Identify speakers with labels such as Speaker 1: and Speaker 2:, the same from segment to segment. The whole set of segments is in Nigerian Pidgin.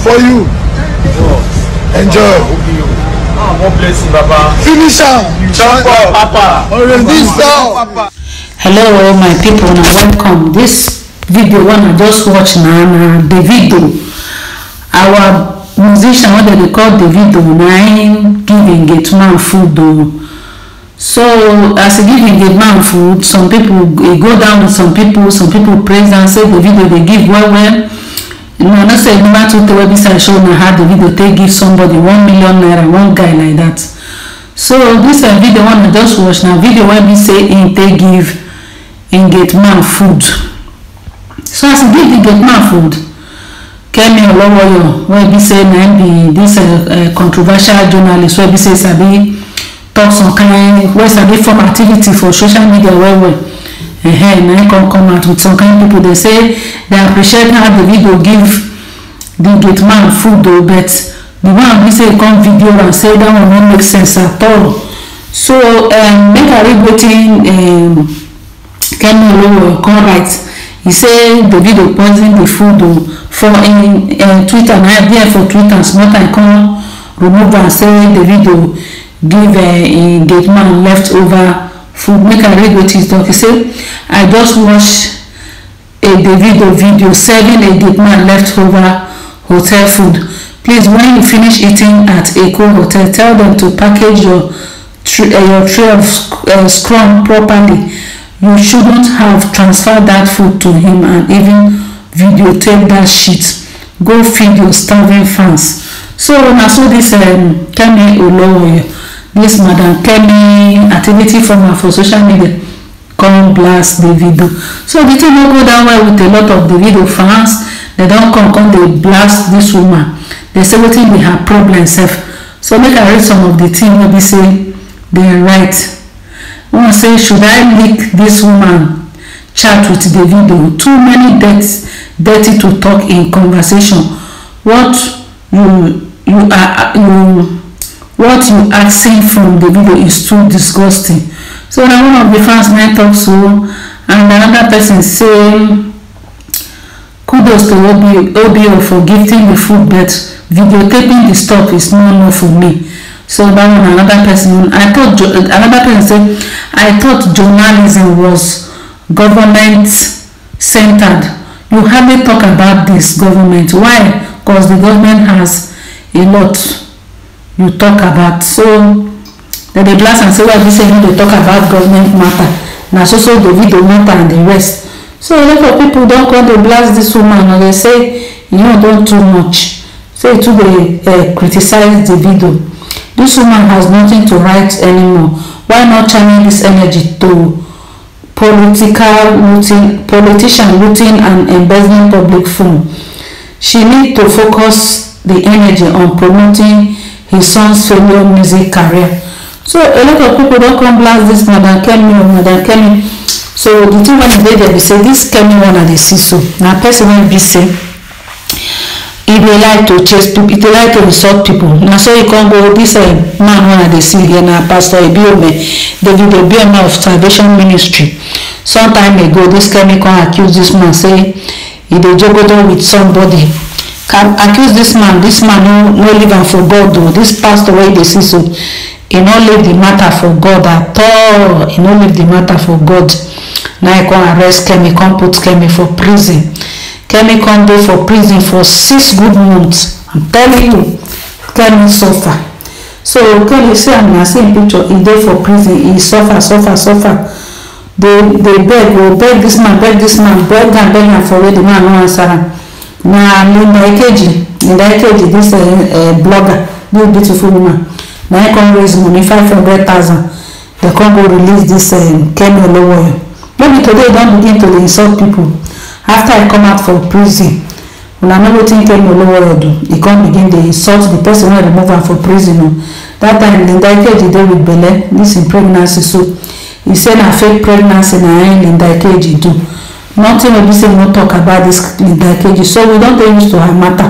Speaker 1: for you. Enjoy. Finish am. Hello, my people, and welcome. This video one I just watch na na Davido. Our musician wey dem dey call Davido na him give engagement food o so as you give the man food some people go down with some people some people praise am say the video dey give well well una know say number two tey wey be show na how the video take give somebody one million naira one guy like that so this uh, video one i just watch na video wey be say im take give im gate man food so as he give the gate man food kemi olowoyo wey be say na im be this uh, uh, controversial journalist wey be say sabi talk some kind wey sabi form activity for social media well well uh-huh, na come come out with some kind of people dey say they appreciate how video give the gate man food o but the one be say come video am say that one no make sense at all so um, make i read wetin um, kemi olowo come write he say the video poison the food o for im um, twitter na there for twitter small time come remove am say the video give uh, the man leftover food make i read wetin he talk he say i just watch a davido video serving a gate man leftover hotel food please when you finish eating at eco hotel tell them to package your tray uh, your tray of uh, scrum properly you shouldn't have transferred that food to him and even videotape that shit go feed your starving fans so na so this um, Kemi Olowoye yes madam kemi activity format for social media come blast the video. so the thing no go down well with a lot of the video fans they don come come dey blast this woman dey say wetin be her problem sef so make i read some of the thing wey be say dem right. one say should i leak this woman chat with the video? too many dirty dirty to talk in conversation what you you are you what you are accent from the video is too disgusting so now one of the fans na up so and another person say kudos to obo obo for gifting the food but videotaping the stuff is no no for me so that one another person i thought another person said, i thought journalism was government centered you hardly talk about this government why because the government has a lot you talk about so dem dey blast am say why be say he dey talk about government matter na so so davido matter and the rest so a lot of people don come dey blast this woman and dey say you know don too much say too dey uh, criticize davido this woman has nothing to write anymore why not channel this energy to political looting politician looting and embezzling public funds she need to focus the energy on promoting his son's solo music career. So a lot of people don come blast this Madam Kemi or oh, Madam Kemi. So the thing when dey there be say this Kemi one I dey see so na person wey be say he dey like to chase people, He dey like to insult people. Na so he come go this uh, man wey I dey see here na Pastor Ebiome David Ebiome of Salvation Ministry. Some time ago this Kemi come accuse this man say e dey jogodo with somebody can accuse dis man dis man no no leave am for god o oh. dis pastor wey dey see so e no leave di matter for god at all e no leave di matter for god na he kon arrest kemi come put kemi for prison kemi kon dey for prison for six good months i'm telling you kemi suffer. so see say as im picture im dey for prison im suffer suffer suffer dey dey beg o oh, beg dis man beg dis man beg am beg am for where di man no answer am. na lena ekeji lena ekeji this uh, blogger this beautiful woman na him come raise money five hundred thousand dem come go release this um, Kemi Olowoyo maybe today don begin to dey insult people after i come out for prison una know wetin Kemi Olowoyo do e come begin dey insult the person wey remove am for prison o oh. that time Linda Ikeji dey with belle this im pregnancy so e say na fake pregnancy na him Linda Ikeji do nothing will be said. no talk about this leader keji so we don dey used to her matter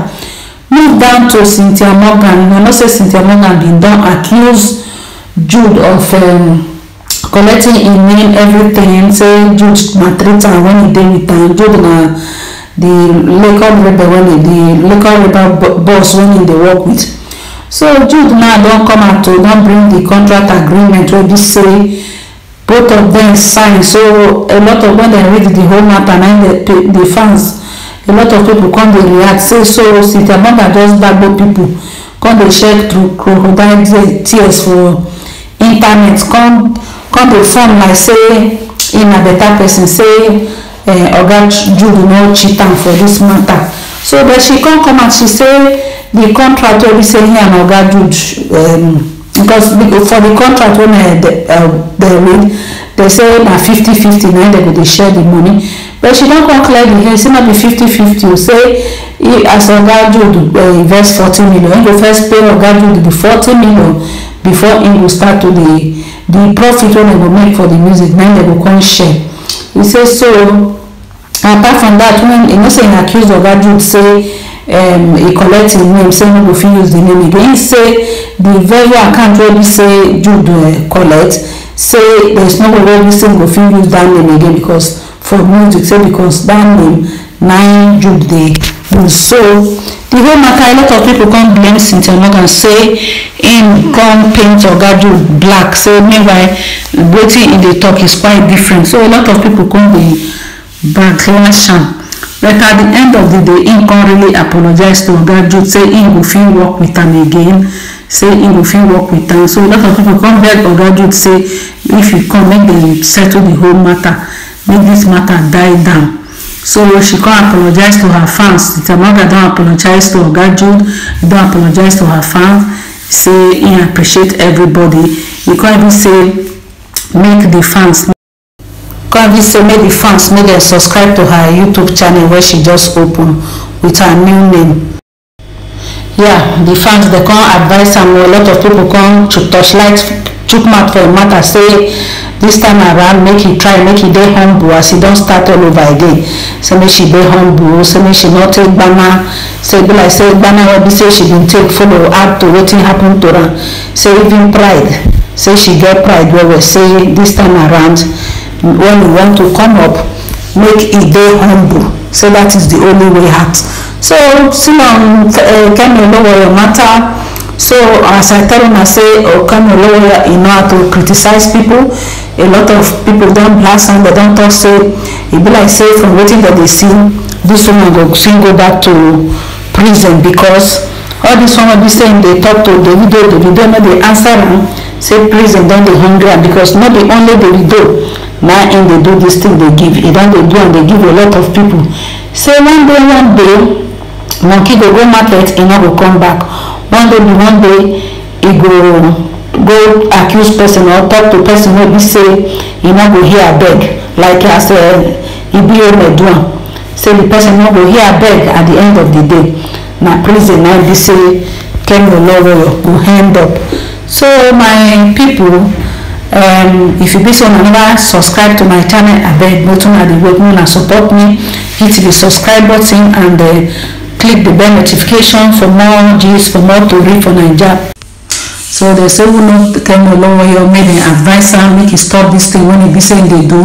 Speaker 1: move down to cynthia morgan you know say cynthia morgan bin don accuse jude of um, collecting im name everything say jude maltreat am when e dey with am jude na the local rebel when e the local rebel boss when e dey work with so jude now don come out to don bring the contract agreement wey be say both of them sign so a lot of when they read the whole matter the the fans a lot of people come dey react say so sita bamba just gbagbo pipo come dey check through crocodile tears for internet come come dey form like say e na better person say eh, oga jude no cheat am for this matter so but she come come out she say the contract wey be say him and oga jude um, because for the contract when my dey read dey say na fifty fifty na they go dey share the money but she don come clear the hair say no be fifty fifty o say as oga jude uh, invest forty million he go first pay oga jude the forty million before he go start to dey the profit wey dem go make for the music na dem go come share he say so apart from that when he know say he accuse oga jude say um, he collect him name say no go fit use the name again he say the very account wey be say jude uh, collect say there is no way wey be say go fit use that name again because for music say because that name na jude dey use so the whole matter a lot of people come blame cynthia morgan say im come paint oga jude black say meanwhile wetin e dey talk is quite different so a lot of people come dey backlash am like at the end of the day he can't really apologize to oga Just say he will fit work with am again say he will fit work with am so a lot of people come back beg oga jude say if you come make dem settle the whole matter make this matter die down so she can't apologize to her fans The maga don't apologize to oga jude don apologize to her fans say he appreciate everybody he can't even say make the fans come visit make the fans make them subscribe to her youtube channel where she just open with her new name yeah the fans they come advise am a lot of people come to torchlight chook mouth for im matter say this time around make he try make he dey humble as he don't start all over again say make she be humble say make she not take gbana say be like say gbana wey be say she bin take follow up to wetin happen to her. say even pride say she get pride well well say this time around when you want to come up make e dey humble so that is the only way out so simon uh, eh, kemi olowoyo matter so as i tell una say oh, kemi olowoyo e know how to criticize people a lot of people don blast am they don talk say e be like say from wetin dem dey see this woman go soon go back to prison because all this one wey be saying they talk to the the davido no dey answer am say prison don dey hungry am because no be only the davido na im dey do this thing dey give e don dey do am dey give a lot of people say one day one day monkey go go market e no go come back one day be one day he go go accuse person or talk to person wey be say he no go hear abeg like as uh, eh, e be ome do am say the person no go hear abeg at the end of the day na prison na be say kemi oloro go end up so my people um, if you be say una never subscribe to my channel abeg no too na dey wait una support me hit the subscribe button and uh, click the bell notification for more gist for more tori for naija. so they say we oh, no tell me olówó yọ make dem advise am make he stop this thing wey he be say he dey do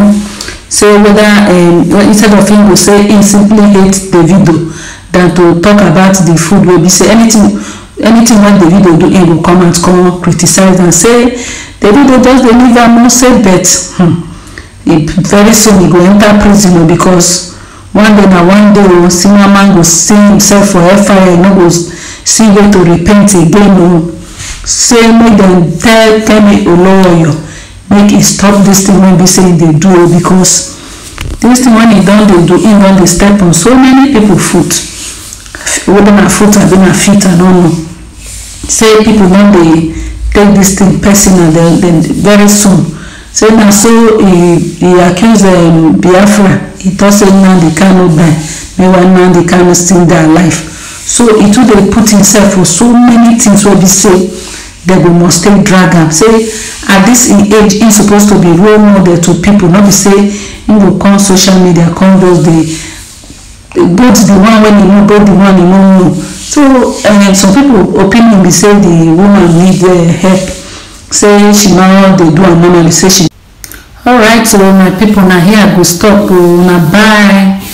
Speaker 1: say whether um, instead of him go say he simply hate davido than to talk about the food wey be say anything anything wey davido do im go come out come criticize am say davido just dey live am no say but hmm, very soon e go enter prison o because one day na one day o senior man go see himself for fir no go see way to repent again o say make dem tell tell me olowoyo make e stop this thing wey be say e dey do o because this thing wey e don dey do e don dey step on so many people foot whether na fruit abi na fit i no know say people no dey take this thing personal Then then very soon say na so he he accuse um, biafra e talk say nnamdi kanu die meanwhile nnamdi kanu still dey alive so he too dey put himself for so many things wey be say dem go must take drag am say at this age he suppose to be role model to people no be say im go come social media come just dey both the one wey e know both the one e no know so um, some people opinion be say the woman need uh, help say she no dey do am normally All right, so my people na here i go stop o oh, na bye.